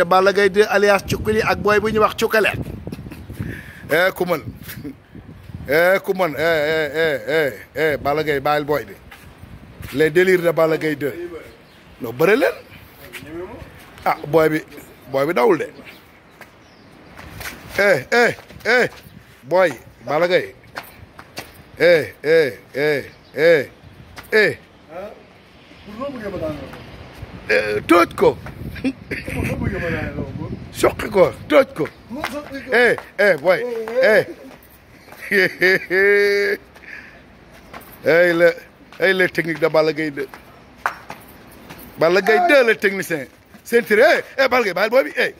ca Balla Gaye 2 alias cukkili ak booy bu ñu wax cukkale eh ku mën eh ku mën eh eh, eh eh eh Balla Gaye bàyyil booy bi les délires de Balla Gaye 2 non ah, bi dawul de eh eh eh booy Balla Gaye eh, eh ko. Şok ko, doot ko. Eh, eh, boy. Eh. Hey, le, hey, le teknik de Balla Gaye 2. Balla Gaye 2 le technicien. Sentir, eh, eh, Balla bal Balla Boy, eh.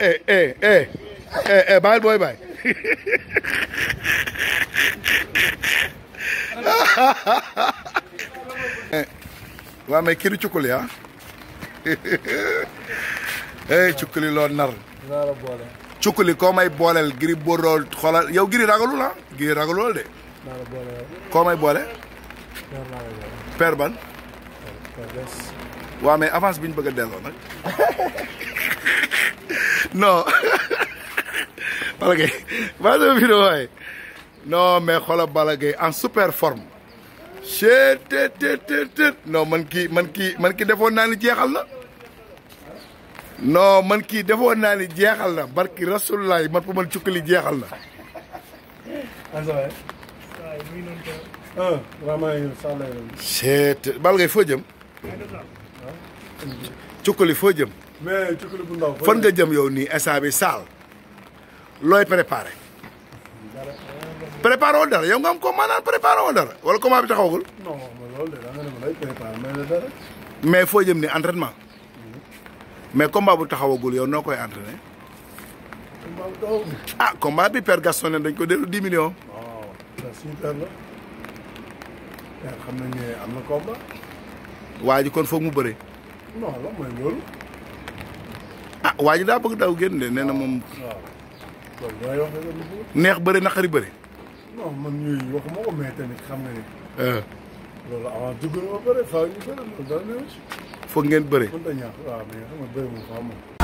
Eh, eh, eh. Eh, eh, Balla Boy, bay. Eh. Wa mais kiri chocolat, hein? Ah? hey loo nar. dinaa la booleel giri booroo xoolal yow giri ragalul ah giri ragalul de. dinaa la boole koo may boole. père ban. waaw mais avance bi ñu bëgg a delloo nag non Balla Gaye maa ngi waaye non mais xoolal Balla Gaye super forme cheet tet tet non man kii man kii man kii defoon naa ni jeexal na non man kii defoon naa ni jeexal na barki rasulullah man pour man cukkali jeexal na. Ah, ah, seet bal ngay foo jëm. cukkali foo jëm. mais nga jëm yow nii instant bi saal. looy préparé. préparé woon dara yow nga am ko maanaam préparé woon dara wala comment bi taxawagul. mais foo jëm ni entraînement. mais combat bu taxawagul yow noo koy entraîné. Ah, bi Père ne dañ ko dellu 10 millions. waaw ndax suñu père la. père xam nañ ji kon foog mu bëre. non la ah, ji daa bëgg daw génn de nee na neex bëre naqari bëre. non man ñuy waxuma ko mais tamit xam nga ni. Euh. loolu foog ngeen bëre. waaw mais xam nga bëre